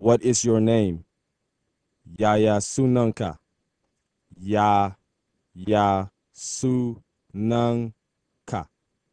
What is your name? Yaya Sunanka. Ya Ya Sunanka.